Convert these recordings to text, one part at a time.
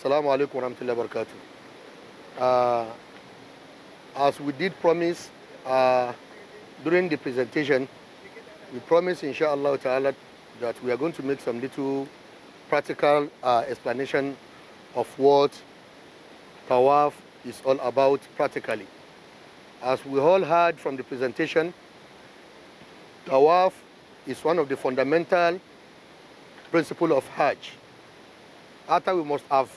Assalamu alaikum warahmatullahi wabarakatuh. Uh, as we did promise uh, during the presentation, we promise, inshallah ta'ala, that we are going to make some little practical uh, explanation of what tawaf is all about practically. As we all heard from the presentation, tawaf is one of the fundamental principle of Hajj. After we must have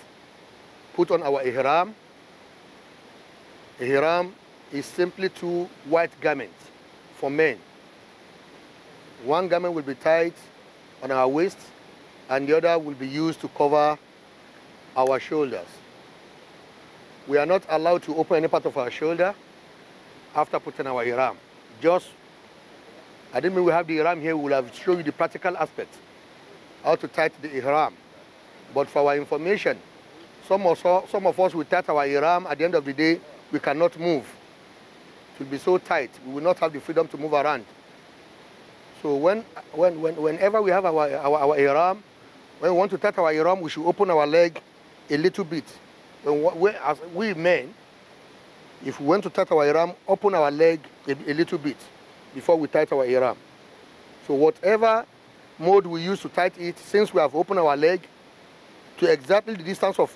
put on our ihram, ihram is simply two white garments for men one garment will be tied on our waist and the other will be used to cover our shoulders. We are not allowed to open any part of our shoulder after putting our Iram. Just, I didn't mean we have the Iram here, we'll have show you the practical aspect, how to tie the Iram. But for our information, some of, some of us will tie our Iram, at the end of the day, we cannot move. It will be so tight, we will not have the freedom to move around. So when, when, when, whenever we have our, our, our Iram, when we want to touch our Iram, we should open our leg a little bit. When we, as we men, if we want to touch our Iram, open our leg a, a little bit before we tight our Iram. So whatever mode we use to tight it, since we have opened our leg to exactly the distance of,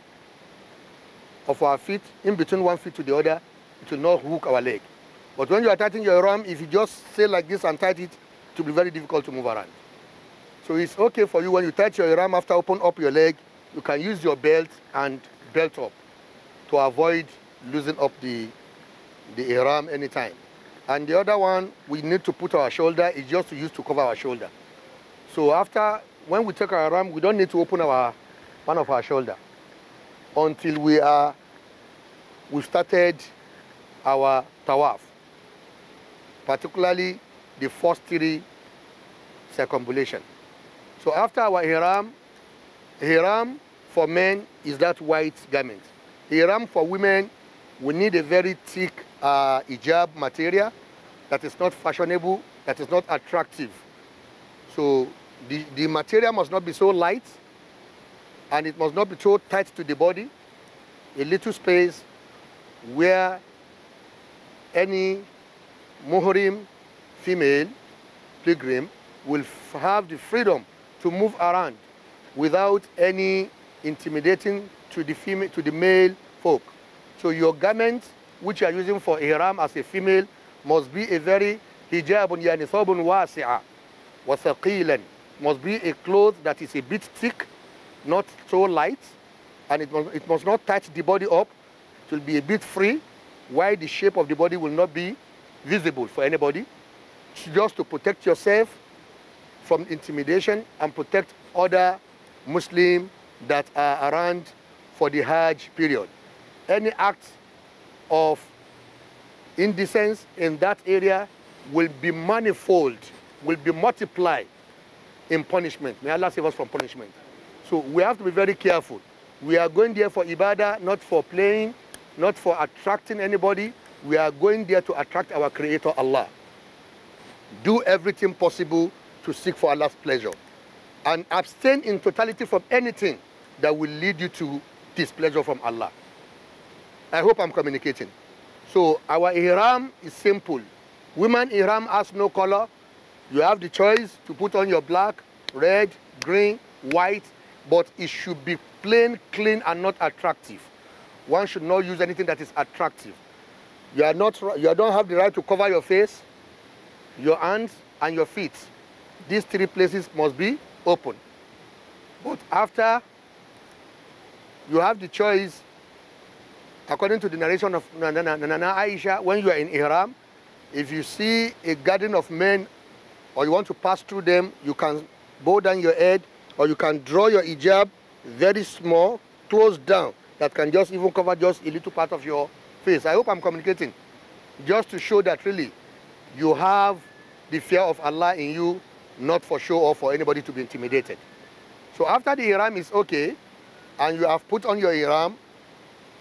of our feet, in between one foot to the other, it will not hook our leg. But when you are tightening your arm, if you just stay like this and tight it, it will be very difficult to move around. So it's okay for you when you touch your ram after open up your leg, you can use your belt and belt up to avoid losing up the, the ram anytime. And the other one we need to put our shoulder is just to use to cover our shoulder. So after, when we take our ram, we don't need to open our, one of our shoulder until we are, we started our tawaf. Particularly the first three circumambulation. So after our hiram, hiram for men is that white garment. Hiram for women, we need a very thick uh, hijab material that is not fashionable, that is not attractive. So the, the material must not be so light and it must not be so tight to the body. A little space where any muhrim female pilgrim will have the freedom to move around without any intimidating to the, female, to the male folk. So your garments, which you are using for ihram as a female, must be a very hijabun yani thawbun wasi'a wa Must be a cloth that is a bit thick, not so light, and it must, it must not touch the body up. It will be a bit free, why the shape of the body will not be visible for anybody just to protect yourself from intimidation and protect other Muslims that are around for the Hajj period. Any act of indecence in that area will be manifold, will be multiplied in punishment. May Allah save us from punishment. So we have to be very careful. We are going there for ibadah, not for playing, not for attracting anybody. We are going there to attract our Creator Allah. Do everything possible to seek for Allah's pleasure. And abstain in totality from anything that will lead you to displeasure from Allah. I hope I'm communicating. So our ihram is simple. Women ihram has no color. You have the choice to put on your black, red, green, white, but it should be plain, clean, and not attractive. One should not use anything that is attractive. You, are not, you don't have the right to cover your face your hands and your feet. These three places must be open. But after, you have the choice, according to the narration of Nana, Nana Aisha, when you are in Ihram, if you see a garden of men or you want to pass through them, you can bow down your head or you can draw your hijab very small, closed down, that can just even cover just a little part of your face. I hope I'm communicating. Just to show that really you have the fear of Allah in you, not for show or for anybody to be intimidated. So after the Iram is okay, and you have put on your Iram,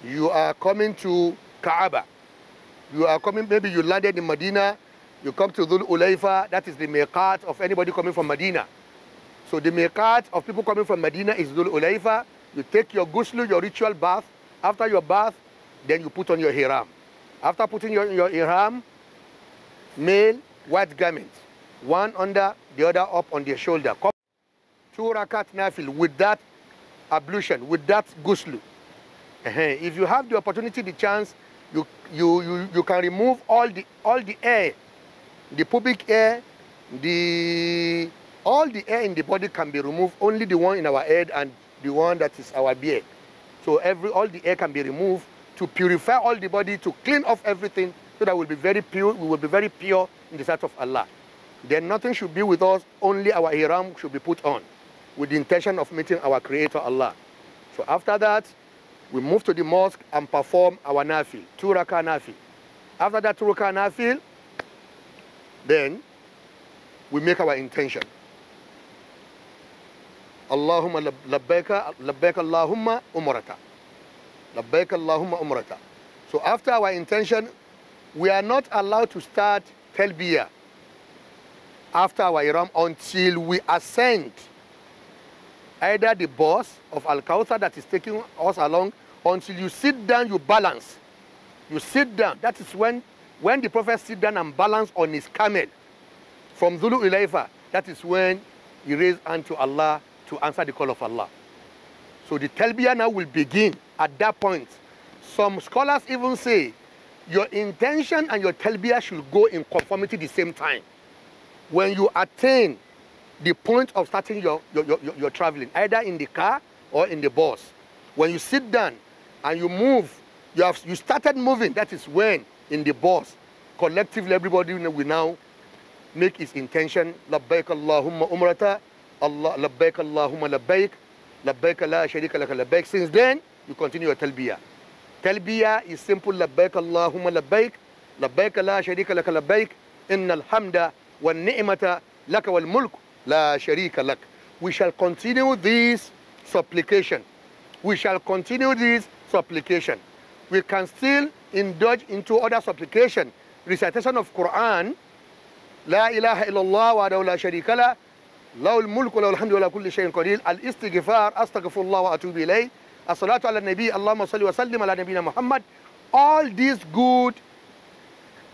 you are coming to Kaaba. You are coming, maybe you landed in Medina, you come to Dhul Ulayfa, that is the miqat of anybody coming from Medina. So the miqat of people coming from Medina is Dhul Ulayfa. You take your ghusl, your ritual bath. After your bath, then you put on your ihram. After putting your, your ihram, male white garment, one under, the other up on their shoulder. Two rakat nafil with that ablution, with that guslu. Uh -huh. If you have the opportunity, the chance, you, you, you, you can remove all the, all the air, the pubic air, the, all the air in the body can be removed, only the one in our head and the one that is our beard. So every, all the air can be removed to purify all the body, to clean off everything, so that we'll be very pure, we will be very pure in the sight of Allah. Then nothing should be with us, only our ihram should be put on with the intention of meeting our Creator Allah. So after that, we move to the mosque and perform our nafil, two rakah nafil. After that two rakah nafil, then we make our intention. Allahumma labbaika, labbaika Allahumma umrata. Labbaika Allahumma umrata. So after our intention, we are not allowed to start Telbiya after our Iram until we ascend either the bus of Al Kauthar that is taking us along until you sit down, you balance. You sit down. That is when, when the prophet sit down and balance on his camel from Zulu Ilaifa. That is when he raised hand to Allah to answer the call of Allah. So the Telbiya now will begin at that point. Some scholars even say your intention and your talbiyah should go in conformity the same time. When you attain the point of starting your, your, your, your traveling, either in the car or in the bus, when you sit down and you move, you, have, you started moving, that is when in the bus, collectively everybody will now make his intention, labbaik Allahumma umrata, Allah, labbaik Allahumma labbaik, labbaik la sharika laka labbaik. Since then, you continue your talbiyah. تلبية is لبيك اللهم لبيك لبيك لا شريك لك لبيك إن الحمد والنعمة لك والملك لا شريك لك we shall continue this supplication we shall continue this supplication we can still indulge into other supplication recitation of Quran لا إله إلا الله وحده لا شريك له له الملك وله الحمد ولا كل شيء قدير الاستغفار أستغفر الله وأتوب إليه As-salatu ala nabi, Allahumma salli wa sallim ala nabina Muhammad. All these good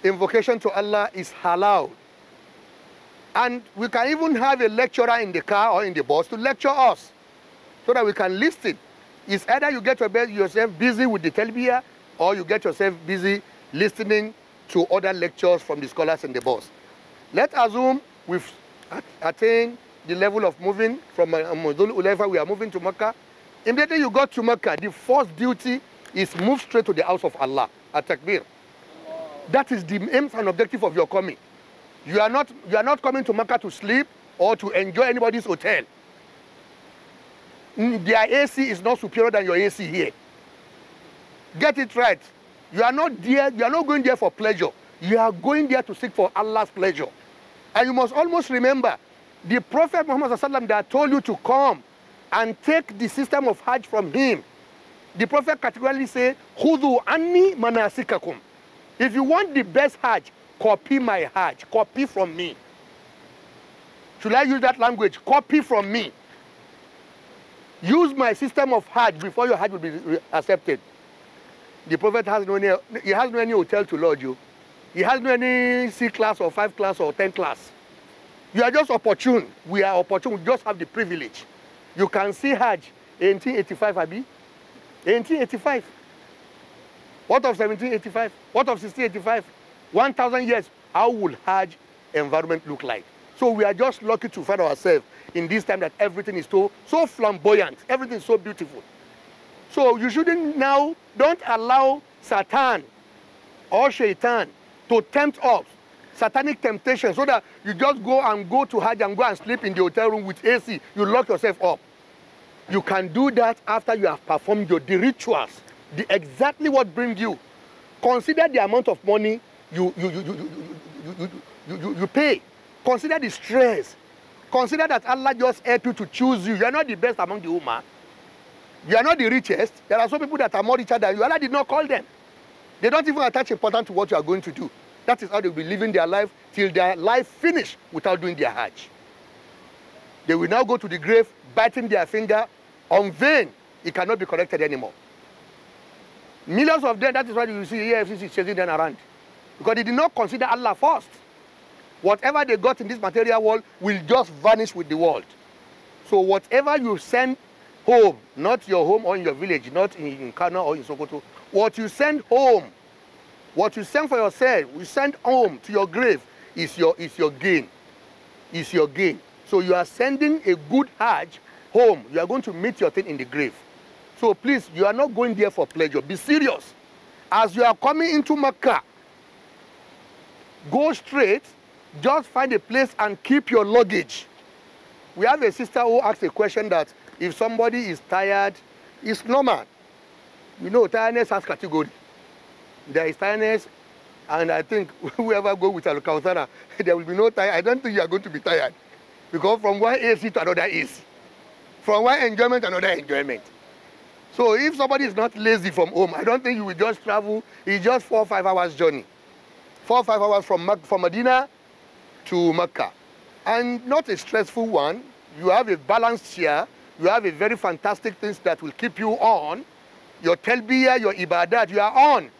invocation to Allah is halal. And we can even have a lecturer in the car or in the bus to lecture us so that we can listen. It's either you get yourself busy with the talbiyah or you get yourself busy listening to other lectures from the scholars in the bus. Let's assume we've attained the level of moving from Mudul Ulefa, we are moving to Makkah, Immediately you go to Mecca, the first duty is move straight to the house of Allah, at takbir. That is the aim and objective of your coming. You are not, you are not coming to Mecca to sleep or to enjoy anybody's hotel. Mm, their AC is not superior than your AC here. Get it right. You are not there, you are not going there for pleasure. You are going there to seek for Allah's pleasure. And you must almost remember the Prophet Muhammad that told you to come and take the system of Hajj from him. The Prophet categorically said, anni manasikakum. If you want the best Hajj, copy my Hajj, copy from me. Should I use that language? Copy from me. Use my system of Hajj before your Hajj will be accepted. The Prophet has no any, he has no any hotel to lodge you. He has no any C class or 5 class or 10 class. You are just opportune. We are opportune. We just have the privilege. you can see hajj 1885 abi 1885 what of 1785 what of 1685 1000 years how will hajj environment look like so we are just lucky to find ourselves in this time that everything is so so flamboyant everything is so beautiful so you shouldn't now don't allow satan or shaitan to tempt us satanic temptation so that you just go and go to Hajj and go and sleep in the hotel room with AC. You lock yourself up. You can do that after you have performed your the rituals, the exactly what brings you. Consider the amount of money you you you you you you, you, you, pay. Consider the stress. Consider that Allah just help you to choose you. You are not the best among the Ummah. You are not the richest. There are some people that are more richer than you. Allah did not call them. They don't even attach importance to what you are going to do. That is how they'll be living their life till their life finish without doing their Hajj. They will now go to the grave biting their finger on vain. It cannot be corrected anymore. Millions of them, that is why you see EFCC chasing them around. Because they did not consider Allah first. Whatever they got in this material world will just vanish with the world. So whatever you send home, not your home or in your village, not in, in Kano or in Sokoto, what you send home what you send for yourself, you send home to your grave, is your, is your gain. Is your gain. So you are sending a good Hajj home. You are going to meet your thing in the grave. So please, you are not going there for pleasure. Be serious. As you are coming into Makkah, go straight, just find a place and keep your luggage. We have a sister who asked a question that if somebody is tired, it's normal. You know, tiredness has category. There is tiredness, and I think whoever go with Alukausana, there will be no tired. I don't think you are going to be tired. Because from one AC to another is, from one enjoyment to another enjoyment. So if somebody is not lazy from home, I don't think you will just travel. It's just four or five hours journey. Four or five hours from, Mac from Medina to Mecca. And not a stressful one. You have a balanced year. You have a very fantastic things that will keep you on. Your telbiya, your ibadat, you are on.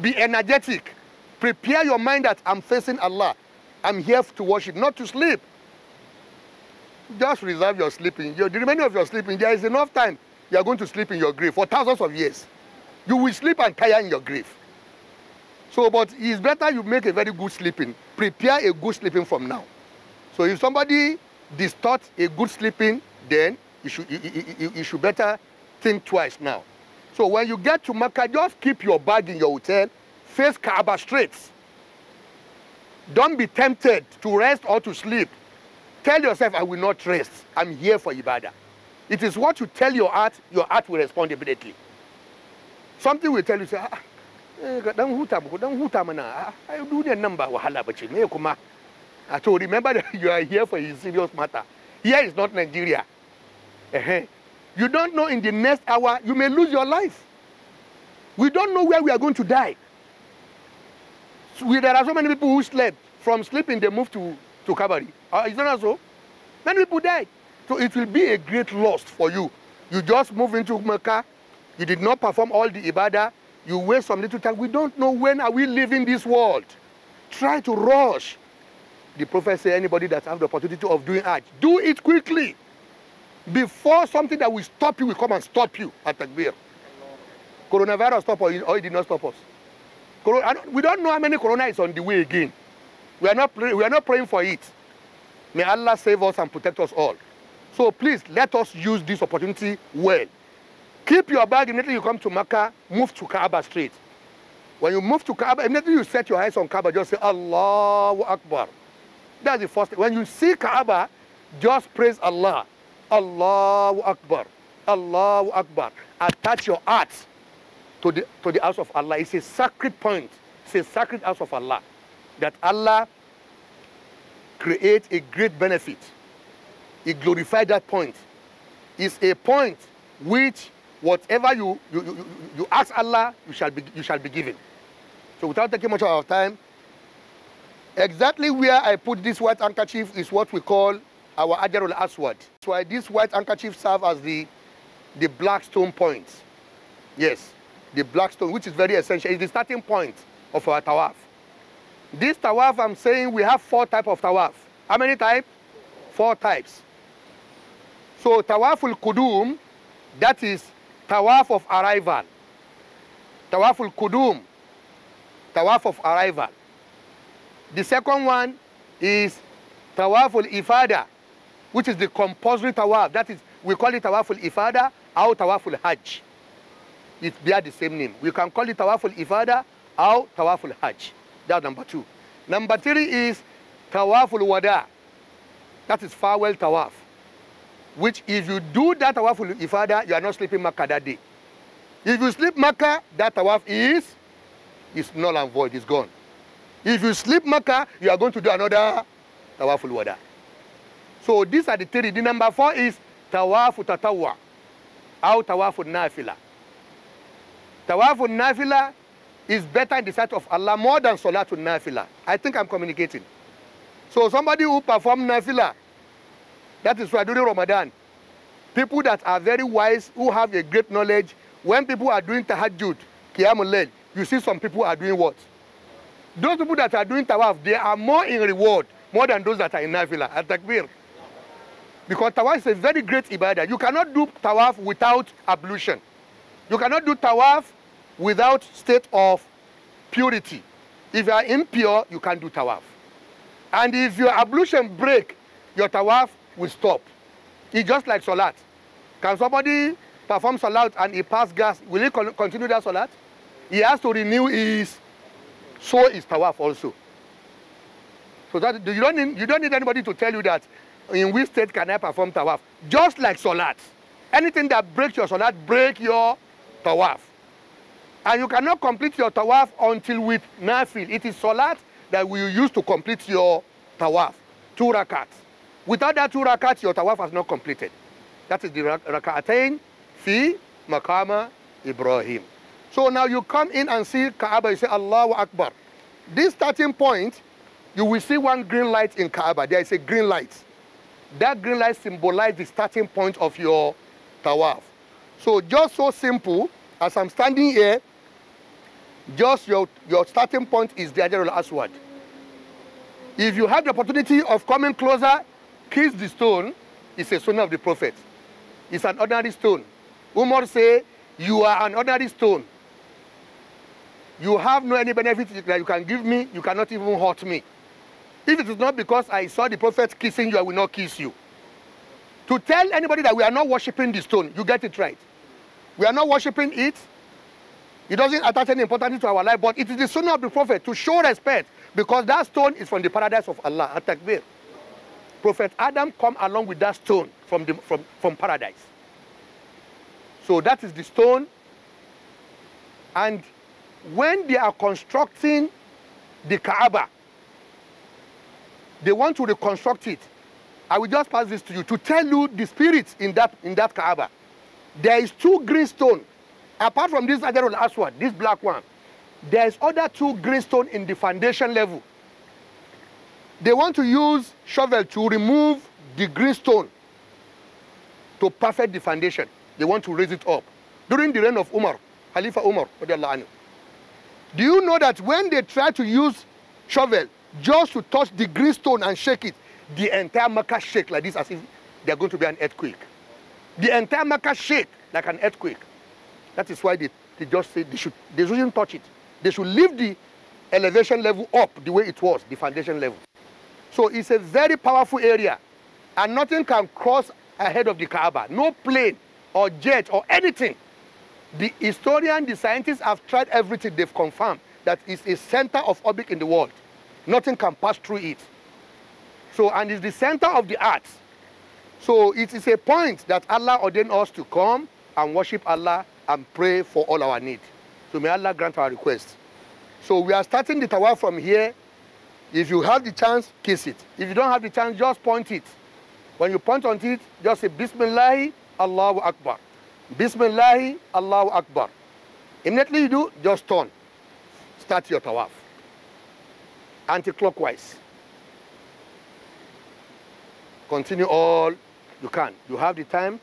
Be energetic. Prepare your mind that I'm facing Allah. I'm here to worship, not to sleep. Just reserve your sleeping. Your, the remaining of your sleeping, there is enough time you are going to sleep in your grave for thousands of years. You will sleep and tire in your grave. So, but it's better you make a very good sleeping. Prepare a good sleeping from now. So if somebody distorts a good sleeping, then you should, you, you, you, you should better think twice now. So when you get to Mecca, just keep your bag in your hotel, face Kaaba straight. Don't be tempted to rest or to sleep. Tell yourself, I will not rest. I'm here for Ibadah. It is what you tell your heart, your heart will respond immediately. Something will tell you, say, ah, eh, dan huta muku, dan huta mana. Ah, ah duniyar nan wahala but you may Ah, so remember that you are here for a serious matter. Here is not Nigeria. Uh -huh. You don't know in the next hour, you may lose your life. We don't know where we are going to die. We, there are so many people who slept. From sleeping, they moved to, to Calvary. Uh, is that so? Many people died. So it will be a great loss for you. You just move into Mecca. You did not perform all the Ibadah. You waste some little time. We don't know when are we leaving this world. Try to rush. The prophet said, anybody that have the opportunity of doing Hajj, do it quickly. Before something that will stop you will come and stop you at Takbir. Coronavirus stopped or, or it did not stop us. we don't know how many corona is on the way again. We are, not we are not praying for it. May Allah save us and protect us all. So please, let us use this opportunity well. Keep your bag immediately you come to Makkah, move to Kaaba Street. When you move to Kaaba, immediately you set your eyes on Kaaba, just say, Allahu Akbar. That's the first thing. When you see Kaaba, just praise Allah. Allahu Akbar. Allahu Akbar. Attach your heart to the, to the house of Allah. It's a sacred point. It's a sacred house of Allah. That Allah create a great benefit. He glorified that point. It's a point which whatever you, you, you, you ask Allah, you shall, be, you shall be given. So without taking much of our time, exactly where I put this white handkerchief is what we call our Ajarul Aswad. So these white handkerchief serve as the, the black stone point. Yes, the black stone, which is very essential. It's the starting point of our tawaf. This tawaf, I'm saying we have four types of tawaf. How many types? Four types. So tawaful kudum, that is tawaf of arrival. Tawaful kudum, tawaf of arrival. The second one is tawaful ifada, which is the compulsory tawaf. That is, we call it tawaful ifada or tawaful hajj. It bear the same name. We can call it tawaful ifada or tawaful hajj. That's number two. Number three is tawaful wada. That is farewell tawaf. Which if you do that tawaful ifada, you are not sleeping Makkah that day. If you sleep Makkah, that tawaf is, is null and void, it's gone. If you sleep Makkah, you are going to do another tawaful wada. So these are the three. The number four is tawafu tatawa or tawafu nafila. Tawafu nafila is better in the sight of Allah more than salatu nafila. I think I'm communicating. So somebody who perform nafila, that is why during Ramadan, people that are very wise, who have a great knowledge, when people are doing tahajjud, qiyamul you see some people are doing what? Those people that are doing tawaf, they are more in reward, more than those that are in nafila, at takbir. Because tawaf is a very great ibadah. You cannot do tawaf without ablution. You cannot do tawaf without state of purity. If you are impure, you can't do tawaf. And if your ablution break, your tawaf will stop. It's just like salat. Can somebody perform salat and he pass gas? Will he con continue that salat? He has to renew his, so is tawaf also. So that you don't need, you don't need anybody to tell you that in which state can I perform tawaf? Just like salat. Anything that breaks your salat, break your tawaf. And you cannot complete your tawaf until with nafil. It is salat that we use to complete your tawaf, two rakat. Without that two rakat, your tawaf has not completed. That is the rakatain fi makama Ibrahim. So now you come in and see Kaaba, you say Allahu Akbar. This starting point, you will see one green light in Kaaba. There is a green light. That green light symbolizes the starting point of your tawaf. So just so simple, as I'm standing here, just your, your starting point is the Hajar al-Aswad. If you have the opportunity of coming closer, kiss the stone. It's a stone of the prophet. It's an ordinary stone. Umar say, you are an ordinary stone. You have no any benefit that you can give me. You cannot even hurt me. If it is not because I saw the prophet kissing you, I will not kiss you. To tell anybody that we are not worshiping the stone, you get it right. We are not worshiping it. It doesn't attach any importance to our life, but it is the sunnah of the prophet to show respect because that stone is from the paradise of Allah, at Takbir. Prophet Adam come along with that stone from, the, from, from paradise. So that is the stone. And when they are constructing the Kaaba, they want to reconstruct it. I will just pass this to you to tell you the spirit in that, in that Kaaba. There is two green stone. Apart from this Ajarul Aswad, this black one, there is other two green stone in the foundation level. They want to use shovel to remove the green stone to perfect the foundation. They want to raise it up. During the reign of Umar, Khalifa Umar, do you know that when they try to use shovel just to touch the green stone and shake it, the entire Mecca shake like this as if are going to be an earthquake. The entire Mecca shake like an earthquake. That is why they, they just said they, should, they shouldn't touch it. They should leave the elevation level up the way it was, the foundation level. So it's a very powerful area and nothing can cross ahead of the Kaaba. No plane or jet or anything. The historian, the scientists have tried everything. They've confirmed that it's a center of orbit in the world. Nothing can pass through it. So, and it's the center of the earth. So it is a point that Allah ordained us to come and worship Allah and pray for all our need. So may Allah grant our request. So we are starting the tawaf from here. If you have the chance, kiss it. If you don't have the chance, just point it. When you point on it, just say, Bismillah, Allahu Akbar. Bismillah, Allahu Akbar. Immediately you do, just turn. Start your tawaf anti-clockwise. Continue all you can. You have the time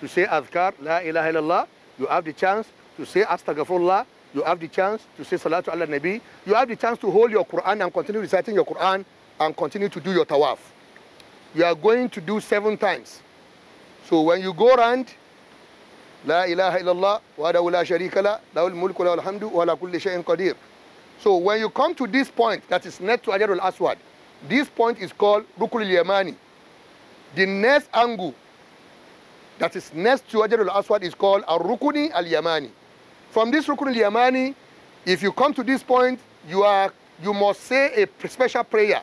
to say Azkar, La ilaha illallah. You have the chance to say Astaghfirullah. You have the chance to say Salatu ala Nabi. You have the chance to hold your Quran and continue reciting your Quran and continue to do your tawaf. You are going to do seven times. So when you go around, La إله إلا الله وحده la, شريك له له la alhamdu wa la kulli shayin kadir. So when you come to this point that is next to Hajar al-Aswad, this point is called Rukul al-Yamani. The next angle that is next to Hajar al-Aswad is called Al rukuni al-Yamani. From this Rukuni al-Yamani, if you come to this point, you, are, you must say a special prayer.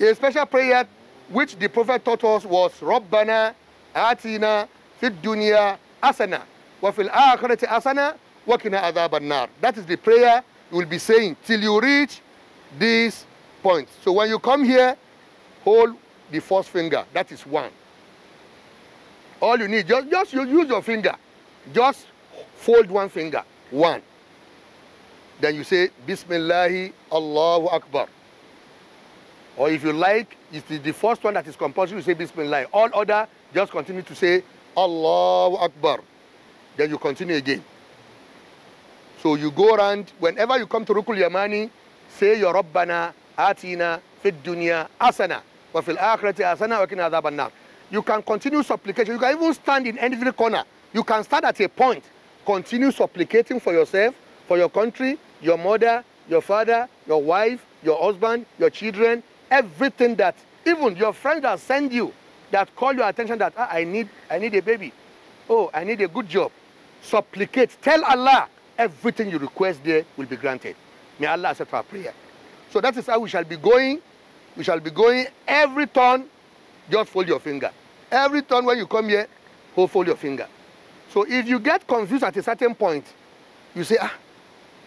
A special prayer which the Prophet taught us was Rabbana atina Fit dunya asana wa fil akhirati asana wa qina That is the prayer you will be saying till you reach this point. So when you come here, hold the first finger. That is one. All you need, just, just you use your finger. Just fold one finger. One. Then you say, Bismillahi Allahu Akbar. Or if you like, it's the, the first one that is compulsory, you say Bismillah. All other, just continue to say Allahu Akbar. Then you continue again. So you go around, whenever you come to Rukul Yamani, say your Rabbana, Atina, Fit Dunya, Asana, wa fil akhirati Asana, wa kina adhaban You can continue supplication. You can even stand in any corner. You can start at a point. Continue supplicating for yourself, for your country, your mother, your father, your wife, your husband, your children, everything that, even your friends that send you, that call your attention that, ah, I, need, I need a baby. Oh, I need a good job. Supplicate. Tell Allah everything you request there will be granted. May Allah accept our prayer. So that is how we shall be going. We shall be going every turn, just fold your finger. Every turn when you come here, hold fold your finger. So if you get confused at a certain point, you say, ah,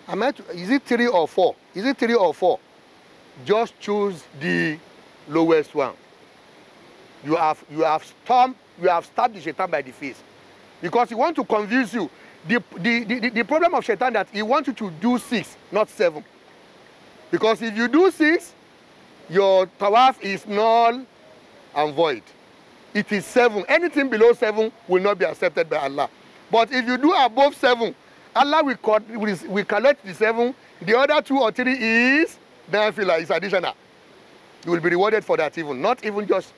am I to, is it three or four? Is it three or four? Just choose the lowest one. You have, you have stormed, you have stabbed the shaitan by the face. Because he wants to confuse you the, the, the, the problem of Shaitan that he wants you to do six, not seven. Because if you do six, your tawaf is null and void. It is seven. Anything below seven will not be accepted by Allah. But if you do above seven, Allah will, cut, will, will collect the seven. The other two or three is nafila, is additional. You will be rewarded for that even, not even just,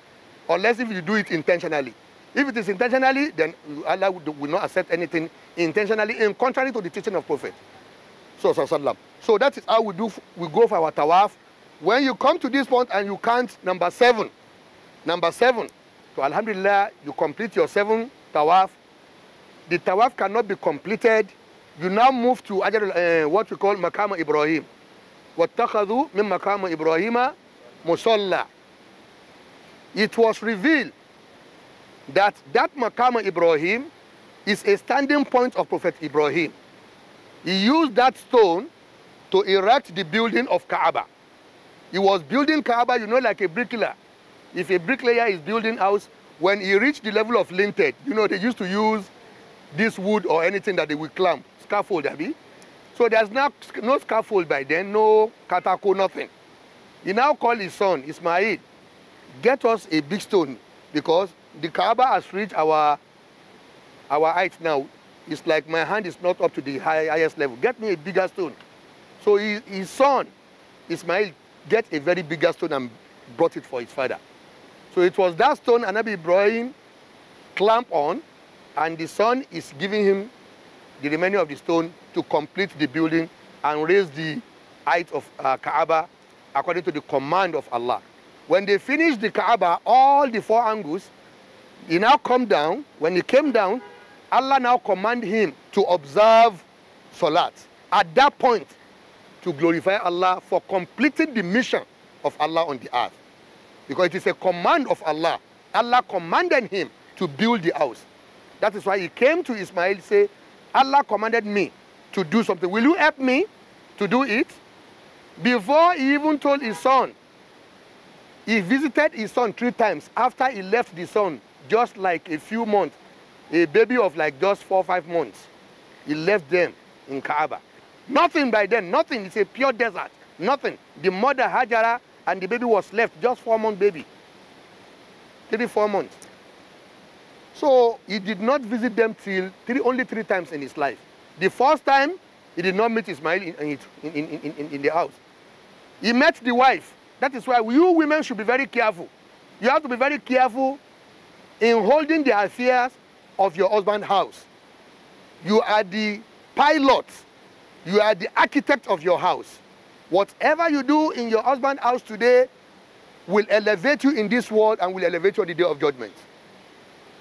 unless if you do it intentionally. If it is intentionally, then Allah will not accept anything intentionally and contrary to the teaching of Prophet. So, so that is how we do we go for our tawaf. When you come to this point and you count number seven, number seven, so Alhamdulillah, you complete your seven tawaf. The tawaf cannot be completed. You now move to uh, what we call Makama Ibrahim. وَاتَّخَذُوا مِن مَكَامَ إِبْرَاهِيمَ Musalla. It was revealed that that Makama Ibrahim is a standing point of Prophet Ibrahim. He used that stone to erect the building of Kaaba. He was building Kaaba, you know, like a bricklayer. If a bricklayer is building house, when he reached the level of linted, you know, they used to use this wood or anything that they will clamp, scaffold, Abi. So there's not, no scaffold by then, no katako, nothing. He now called his son, Ismail, get us a big stone because the Kaaba has reached our our height now, it's like my hand is not up to the high, highest level. Get me a bigger stone. So his, his son, Ismail, get a very bigger stone and brought it for his father. So it was that stone Anabi Ibrahim clamp on, and the son is giving him the remaining of the stone to complete the building and raise the height of uh, Kaaba according to the command of Allah. When they finished the Kaaba, all the four angles, he now come down. When he came down, Allah now command him to observe Salat. At that point, to glorify Allah for completing the mission of Allah on the earth. Because it is a command of Allah. Allah commanded him to build the house. That is why he came to Ismail say, Allah commanded me to do something. Will you help me to do it? Before he even told his son, he visited his son three times after he left the son, just like a few months a baby of like just four or five months. He left them in Kaaba. Nothing by then, nothing. It's a pure desert, nothing. The mother Hajara and the baby was left, just four month baby. Three, four months. So he did not visit them till three, only three times in his life. The first time, he did not meet Ismail in, in, in, in, in the house. He met the wife. That is why you women should be very careful. You have to be very careful in holding the affairs of your husband's house. You are the pilot. You are the architect of your house. Whatever you do in your husband's house today will elevate you in this world and will elevate you on the day of judgment.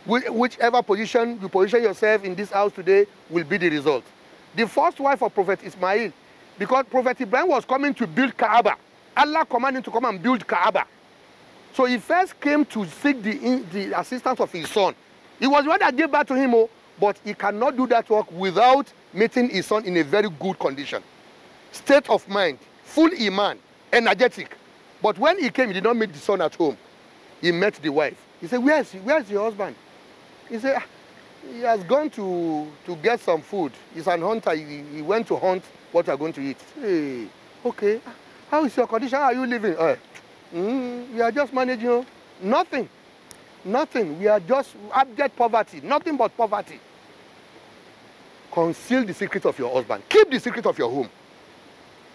Whichever position you position yourself in this house today will be the result. The first wife of Prophet Ismail, because Prophet Ibrahim was coming to build Kaaba. Allah commanded him to come and build Kaaba. So he first came to seek the, the assistance of his son. It was the one that gave birth to him, oh, but he cannot do that work without meeting his son in a very good condition. State of mind, full iman, energetic. But when he came, he did not meet the son at home. He met the wife. He said, where is, he? where is your husband? He said, ah, he has gone to, to get some food. He's an hunter. He, he went to hunt what you're going to eat. Hey, okay. Ah, how is your condition? How are you living? Uh, mm, we are just managing oh, nothing. Nothing. We are just abject poverty. Nothing but poverty. Conceal the secret of your husband. Keep the secret of your home.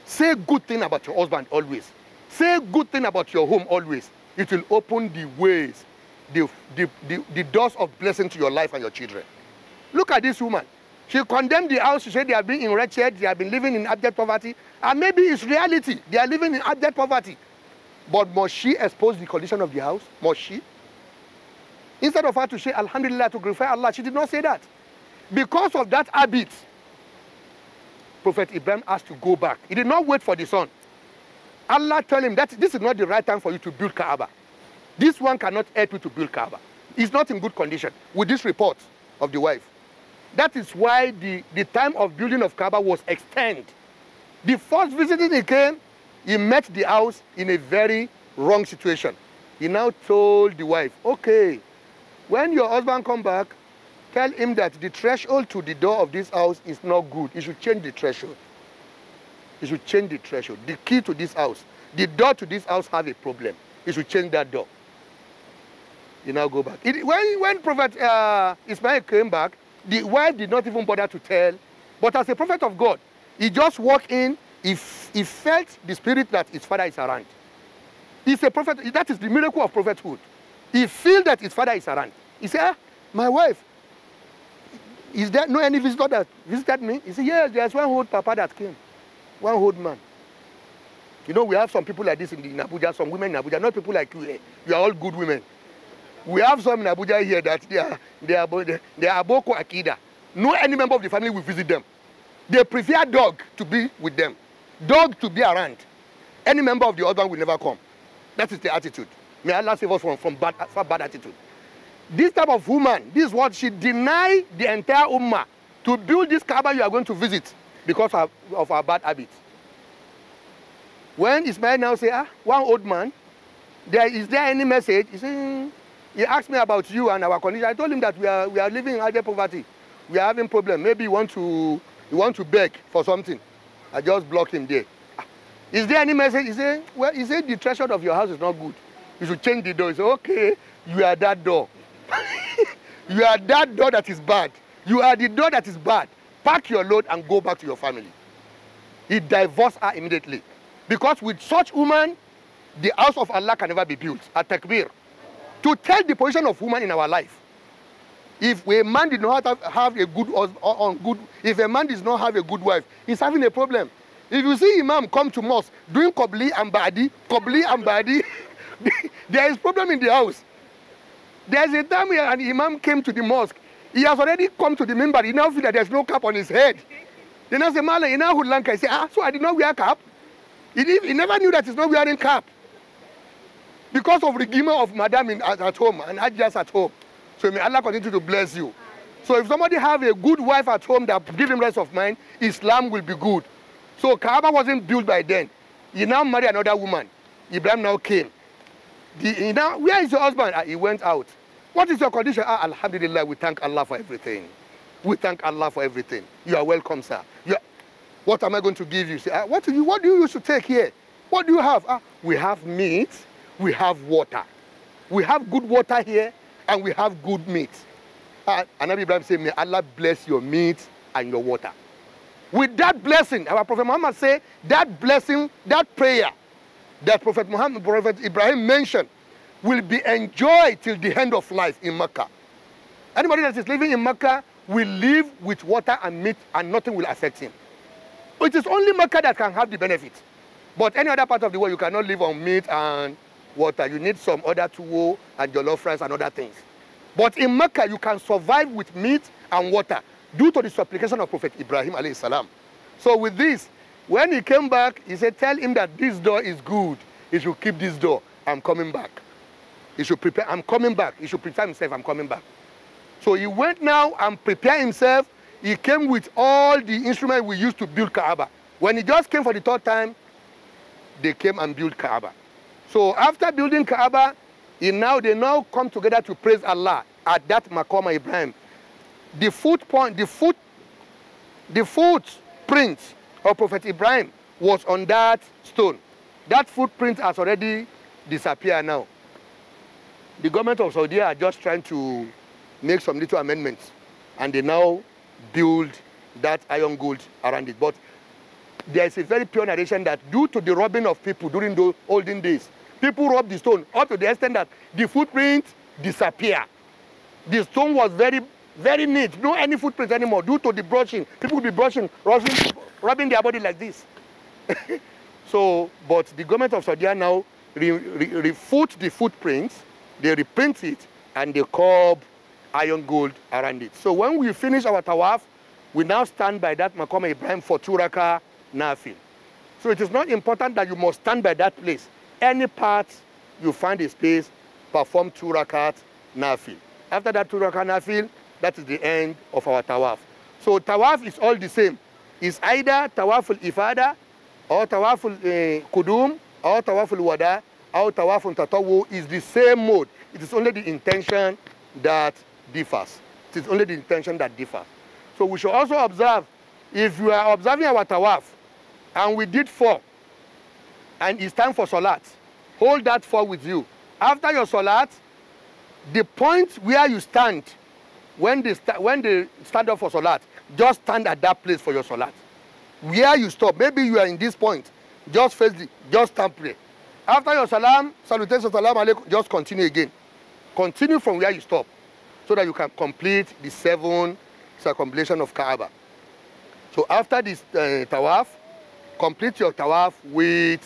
Say good thing about your husband always. Say good thing about your home always. It will open the ways, the, the, the, the doors of blessing to your life and your children. Look at this woman. She condemned the house. She said they have been in wretched. They have been living in abject poverty. And maybe it's reality. They are living in abject poverty. But must she expose the condition of the house? Must she? Instead of her to say, Alhamdulillah, to glorify Allah, she did not say that. Because of that habit, Prophet Ibrahim asked to go back. He did not wait for the son. Allah told him that this is not the right time for you to build Kaaba. This one cannot help you to build Kaaba. It's not in good condition with this report of the wife. That is why the, the time of building of Kaaba was extended. The first visiting he came, he met the house in a very wrong situation. He now told the wife, okay, when your husband come back, tell him that the threshold to the door of this house is not good. He should change the threshold. He should change the threshold. The key to this house, the door to this house have a problem. He should change that door. You now go back. It, when, when Prophet uh, Ismail came back, the wife did not even bother to tell. But as a prophet of God, he just walked in. He, he felt the spirit that his father is around. He's a prophet. That is the miracle of prophethood. He feels that his father is around. He said, ah, my wife, is there no any visitor that visited me? He said, yes, there's one old papa that came, one old man. You know, we have some people like this in, the, in Abuja, some women in Abuja, not people like you. Eh? You are all good women. We have some in Abuja here that they are, they are, they are, they Boko Akida. No any member of the family will visit them. They prefer dog to be with them, dog to be around. Any member of the other will never come. That is the attitude. May Allah save us from, from bad, from bad attitude this type of woman, this is what she deny the entire Ummah to build this Kaaba you are going to visit because of, of her bad habit. When Ismail now say, ah, one old man, there, is there any message? He say hmm, he asked me about you and our condition. I told him that we are, we are living in high poverty. We are having problem. Maybe you want to, you want to beg for something. I just blocked him there. Ah, is there any message? He said, well, he said the threshold of your house is not good. You should change the door. He said, okay, you are that door. You are that door that is bad. You are the door that is bad. Pack your load and go back to your family. He divorced her immediately. Because with such woman, the house of Allah can never be built. At takbir. To tell the position of woman in our life. If a man did not have, have a good on uh, uh, good, if a man does not have a good wife, he's having a problem. If you see Imam come to mosque doing kobli and badi, kobli and badi, there is problem in the house. There's a time where an imam came to the mosque. He has already come to the member. He now feels that there's no cap on his head. Then now say, Mala, he now Sri Lanka. say, ah, so I did not wear cap. He, he never knew that he's not wearing cap. Because of the gima of madam in, at, at home and adjas at home. So may Allah continue to bless you. So if somebody have a good wife at home that give him rest of mind, Islam will be good. So Kaaba wasn't built by then. He now married another woman. Ibrahim now came. The, now, where is your husband? Uh, he went out. What is your condition? Ah, Alhamdulillah, we thank Allah for everything. We thank Allah for everything. You are welcome, sir. You are, what am I going to give you? Say, ah, what, do you, what do you used to take here? What do you have? Ah, we have meat, we have water. We have good water here, and we have good meat. Ah, and Anabi Ibrahim said, may Allah bless your meat and your water. With that blessing, our Prophet Muhammad said, that blessing, that prayer that Prophet, Muhammad, Prophet Ibrahim mentioned, will be enjoyed till the end of life in Mecca. Anybody that is living in Mecca will live with water and meat and nothing will affect him. It is only Mecca that can have the benefit. But any other part of the world, you cannot live on meat and water. You need some other tool and your love friends and other things. But in Mecca, you can survive with meat and water due to the supplication of Prophet Ibrahim alayhi salam. So with this, when he came back, he said, tell him that this door is good. He should keep this door. I'm coming back. He should prepare. I'm coming back. He should prepare himself. I'm coming back. So he went now and prepared himself. He came with all the instruments we used to build Kaaba. When he just came for the third time, they came and built Kaaba. So after building Kaaba, he now, they now come together to praise Allah at that Makoma Ibrahim. The foot point, the foot, the footprint of Prophet Ibrahim was on that stone. That footprint has already disappeared now the government of Saudi are just trying to make some little amendments and they now build that iron gold around it. But there is a very pure narration that due to the robbing of people during the olden days, people robbed the stone up to the extent that the footprints disappear. The stone was very, very neat, no any footprints anymore due to the brushing. People would be brushing, rubbing, rubbing their body like this. so, but the government of Saudi now refute re, re, the footprints they reprint it and they curb iron gold around it. So when we finish our tawaf, we now stand by that Makam Ibrahim for Turaka Nafil. So it is not important that you must stand by that place. Any part you find a space, perform Turakat Nafil. After that Turakat Nafil, that is the end of our tawaf. So tawaf is all the same. It's either tawaf ifada or tawaful al-kudum eh, or tawaful wada Our tawaf and tatawu is the same mode. It is only the intention that differs. It is only the intention that differs. So we should also observe, if you are observing our tawaf, and we did four, and it's time for salat, hold that four with you. After your salat, the point where you stand, when they, sta when they stand up for salat, just stand at that place for your salat. Where you stop, maybe you are in this point, just face the, just stand pray. After your salam, salutation, salam alaikum, just continue again. Continue from where you stop so that you can complete the seven circumambulation of Kaaba. So after this uh, tawaf, complete your tawaf with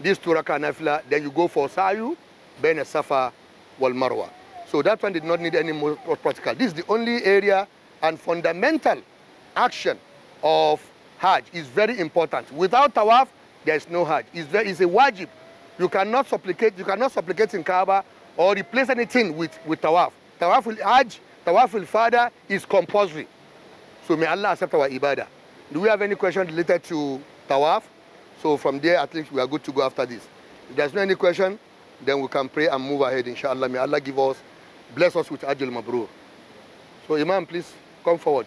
this two raka nafila, then you go for sayu, ben safa wal marwa. So that one did not need any more practical. This is the only area and fundamental action of Hajj is very important. Without tawaf, there is no Hajj. It's, very, it's a wajib you cannot supplicate, you cannot supplicate in Kaaba or replace anything with, with Tawaf. Tawaf will hajj Tawaf will fada is compulsory. So may Allah accept our ibadah. Do we have any question related to Tawaf? So from there, I think we are good to go after this. If there's no any question, then we can pray and move ahead, inshallah. May Allah give us, bless us with Ajil Mabrur. So Imam, please come forward.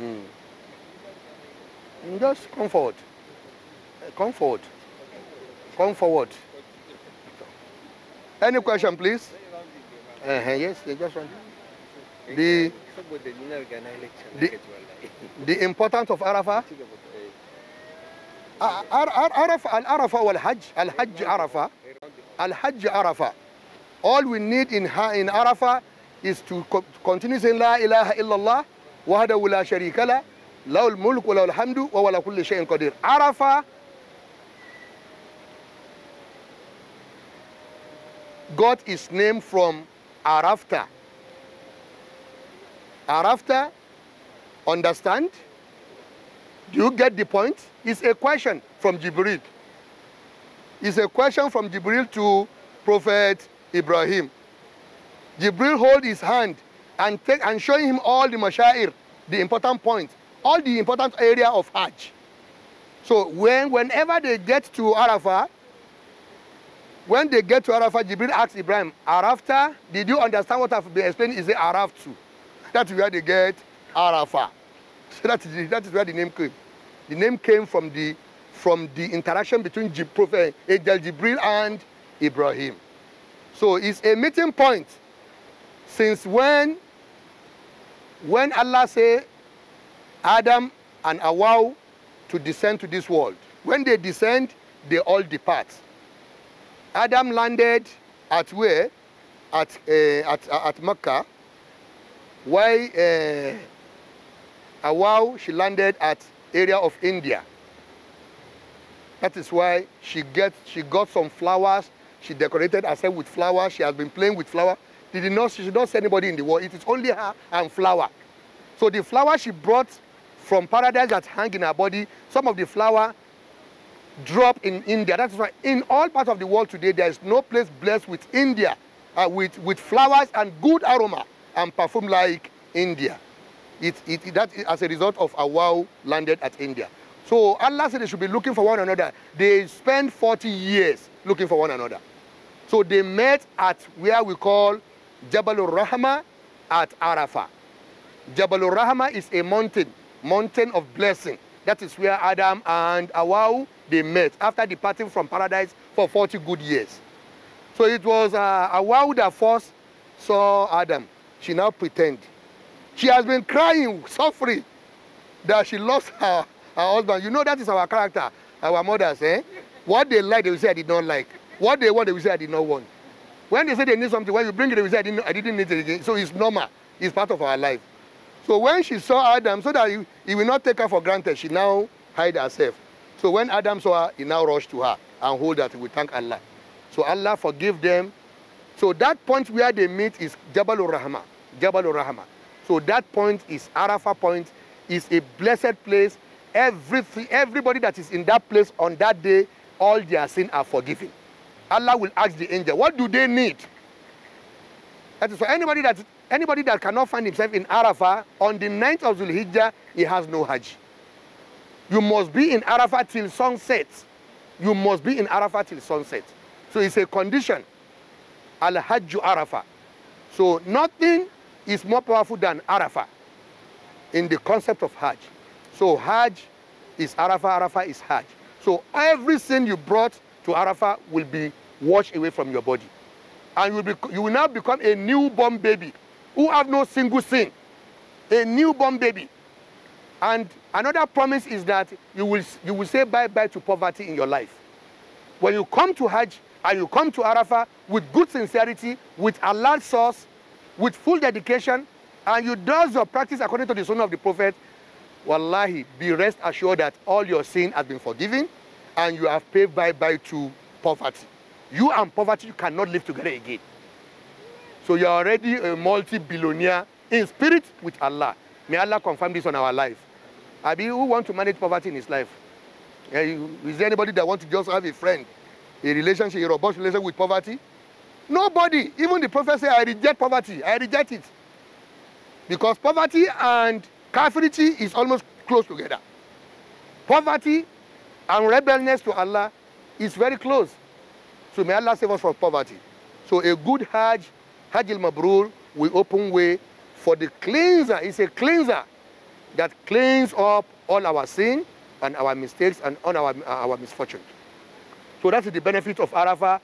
Mm. Just come forward. Eh, come forward. Come forward. Any question, please? Uh -huh, yes, they just want the, the, the importance of Arafah? Arafah, Al-Arafah wal-Hajj, Al-Hajj Arafah, Al-Hajj Arafah. All we need in, in Arafah is to continue saying La ilaha illallah, wahdahu la sharika la, lahul mulk wa lahul hamdu wa wala kulli shay'in qadir. Arafah got its name from Arafta. Arafta, understand? Do you get the point? It's a question from Jibril. It's a question from Jibril to Prophet Ibrahim. Jibril hold his hand and, take, and showing him all the mashair, the important points, all the important area of Hajj. So when, whenever they get to Arafah, when they get to Arafat, Jibril asks Ibrahim, Arafta, did you understand what I've been explaining? Is it Araftu? That's where they get Arafat. So that is, that is where the name came. The name came from the, from the interaction between Prophet, Angel eh, Jibril and Ibrahim. So it's a meeting point since when, when Allah say Adam and Awau to descend to this world. When they descend, they all depart. Adam landed at where? At, uh, at, at Mecca. Why uh, Awau, she landed at area of India. That is why she, get, she got some flowers. She decorated herself with flowers. She has been playing with flower. Did did not, she did not see anybody in the world. It is only her and flower. So the flower she brought from paradise that hang in her body, some of the flower drop in India. That's why in all parts of the world today, there is no place blessed with India, uh, with, with flowers and good aroma and perfume like India. It, it, that is as a result of Awau landed at India. So Allah said they should be looking for one another. They spent 40 years looking for one another. So they met at where we call Jabal Rahma at Arafah. Jabal Rahma is a mountain, mountain of blessing. That is where Adam and Awau they met after departing from paradise for 40 good years. So it was uh, Awau that first saw Adam. She now pretend. She has been crying, suffering, that she lost her, her husband. You know that is our character, our mothers, eh? What they like, they will say, I did not like. What they want, they will say, I did not want. When they say they need something, when you bring it, they will say, I didn't, I didn't need it again. So it's normal. It's part of our life. So when she saw Adam, so that he, he will not take her for granted, she now hide herself. So when Adam saw her, he now rushed to her and hold her. We thank Allah. So Allah forgive them. So that point where they meet is Jabal Rahma. Jabal Rahma. So that point is Arafah point, is a blessed place. Everything, everybody that is in that place on that day, all their sins are forgiven. Allah will ask the angel, what do they need? That is for anybody that Anybody that cannot find himself in Arafah on the ninth of Zulhijjah, he has no Hajj. You must be in Arafah till sunset. You must be in Arafah till sunset. So it's a condition. Al Hajju Arafah. So nothing is more powerful than Arafah in the concept of Hajj. So Hajj is Arafah, Arafah is Hajj. So every sin you brought to Arafah will be washed away from your body. And you will, you will now become a newborn baby who have no single sin, a newborn baby. And another promise is that you will, you will say bye-bye to poverty in your life. When you come to Hajj and you come to Arafah with good sincerity, with a large source, with full dedication, and you do your practice according to the sunnah of the Prophet, wallahi, be rest assured that all your sin has been forgiven and you have paid bye-bye to poverty. You and poverty cannot live together again. So you're already a multi-billionaire in spirit with Allah. May Allah confirm this on our life. Abi, who want to manage poverty in his life? Eh, is there anybody that wants to just have a friend, a relationship, a robust relationship with poverty? Nobody. Even the prophet said, I reject poverty. I reject it. Because poverty and kafirity is almost close together. Poverty and rebelness to Allah is very close. So may Allah save us from poverty. So a good Hajj Hajjil Mabrur will open way for the cleanser. It's a cleanser that cleans up all our sin and our mistakes and all our, uh, our misfortunes. So that's the benefit of Arafah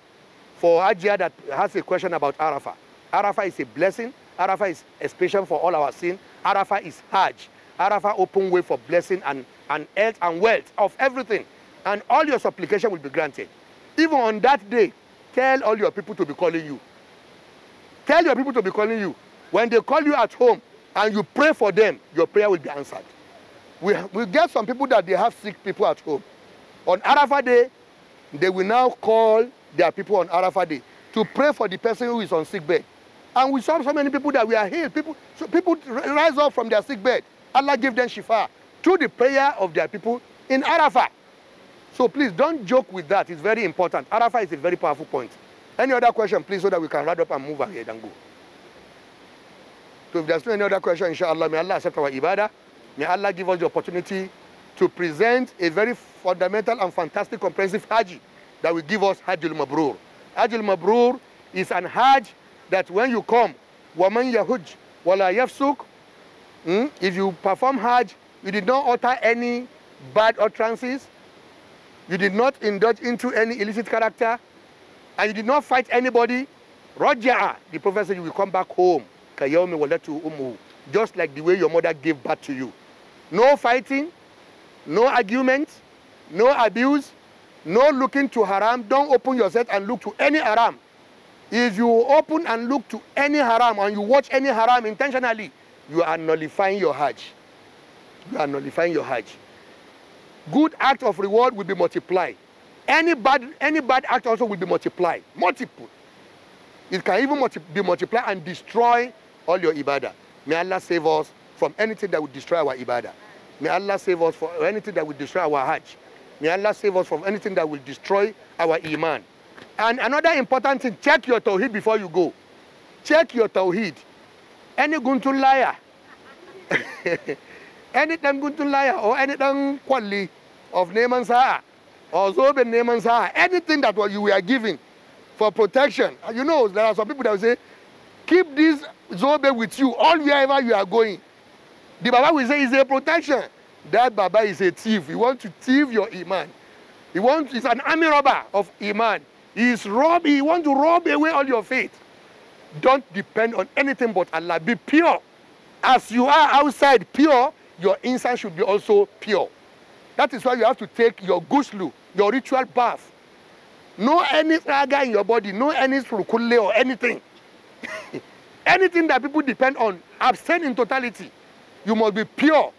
for Hajjah that has a question about Arafah. Arafah is a blessing. Arafah is expiation for all our sin. Arafah is Hajj. Arafah open way for blessing and, and health and wealth of everything. And all your supplication will be granted. Even on that day, tell all your people to be calling you. Tell your people to be calling you. When they call you at home and you pray for them, your prayer will be answered. We, we get some people that they have sick people at home. On Arafat Day, they will now call their people on Arafat Day to pray for the person who is on sick bed. And we saw so many people that we are healed. People, so people rise up from their sick bed. Allah give them shifa through the prayer of their people in Arafat. So please don't joke with that. It's very important. Arafat is a very powerful point. Any other question, please, so that we can wrap up and move ahead and go. So if there's no any other question, inshallah, may Allah accept our ibadah. May Allah give us the opportunity to present a very fundamental and fantastic comprehensive Hajj that will give us hajjul mabrur Hajjul mabrur is an Hajj that when you come, waman yahuj wala yafsuk, if you perform Hajj, you did not utter any bad utterances, you did not indulge into any illicit character, and you did not fight anybody, Roger, ah, the prophet said, you will come back home. Just like the way your mother gave birth to you. No fighting, no argument, no abuse, no looking to haram. Don't open yourself and look to any haram. If you open and look to any haram and you watch any haram intentionally, you are nullifying your hajj. You are nullifying your hajj. Good act of reward will be multiplied. Any bad, any bad act also will be multiplied. Multiple. It can even multi be multiplied and destroy all your ibadah. May Allah save us from anything that would destroy our ibadah. May Allah save us from anything that would destroy our hajj. May Allah save us from anything that will destroy our iman. And another important thing, check your tawhid before you go. Check your tawhid. Any guntun liar, any dan guntun liar or any dan kwali of Naaman Sa'a, or Zobe Naaman Saha, anything that you were given for protection. You know, there are some people that will say, keep this Zobe with you all wherever you are going. The Baba will say, it's a protection. That Baba is a thief. He wants to thief your Iman. He wants, he's an army robber of Iman. He is rob, he wants to rob away all your faith. Don't depend on anything but Allah. Be pure. As you are outside pure, your inside should be also pure. That is why you have to take your guslu, your ritual bath. No any raga in your body, no any srukule or anything. anything that people depend on, abstain in totality. You must be pure,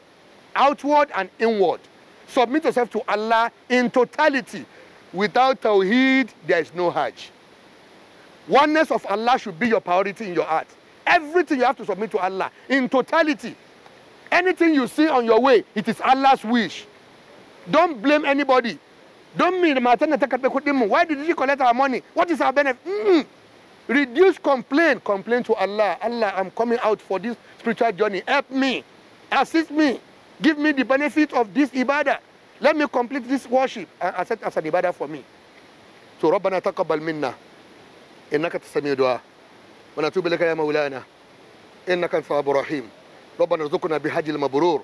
outward and inward. Submit yourself to Allah in totality. Without tawheed, there is no hajj. Oneness of Allah should be your priority in your heart. Everything you have to submit to Allah in totality. Anything you see on your way, it is Allah's wish. Don't blame anybody. Don't mean Why did she collect our money? What is our benefit? Mm. Reduce complaint. Complain to Allah. Allah, I'm coming out for this spiritual journey. Help me. Assist me. Give me the benefit of this ibadah. Let me complete this worship and accept as an ibadah for me. So ربنا تقبل منا إنك تستمع دعاء ونتوب لك يا مولانا إنك أنت رحيم ربنا ارزقنا بحج المبرور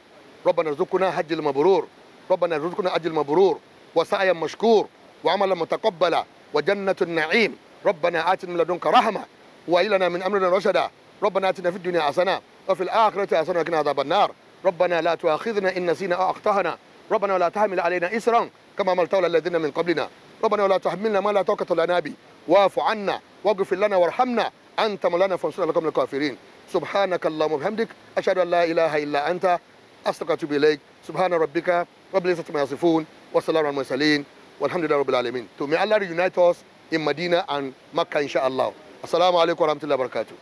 ربنا ارزقنا حج المبرور ربنا يرزقنا أجل مبرور وسعيا مشكور وعملا متقبلا وجنة النعيم ربنا آتنا من لدنك رحمة وإلنا من أمرنا رشدا ربنا آتنا في الدنيا حسنة وفي الآخرة حسنة وقنا عذاب النار ربنا لا تؤاخذنا إن نسينا أو أخطأنا ربنا ولا تحمل علينا إسرا كما عملت على الذين من قبلنا ربنا ولا تحملنا ما لا طاقة لنا به واعف عنا واغفر لنا وارحمنا أنت مولانا فانصرنا لكم الكافرين سبحانك اللهم وبحمدك أشهد أن لا إله إلا أنت أستغفرك إليك Subhana rabbika rabbil izzati ma yasifun wa salam al mursalin walhamdulillahi rabbil alamin. To may Allah reunite us in Medina and Makkah inshallah. Assalamu alaikum wa barakatuh.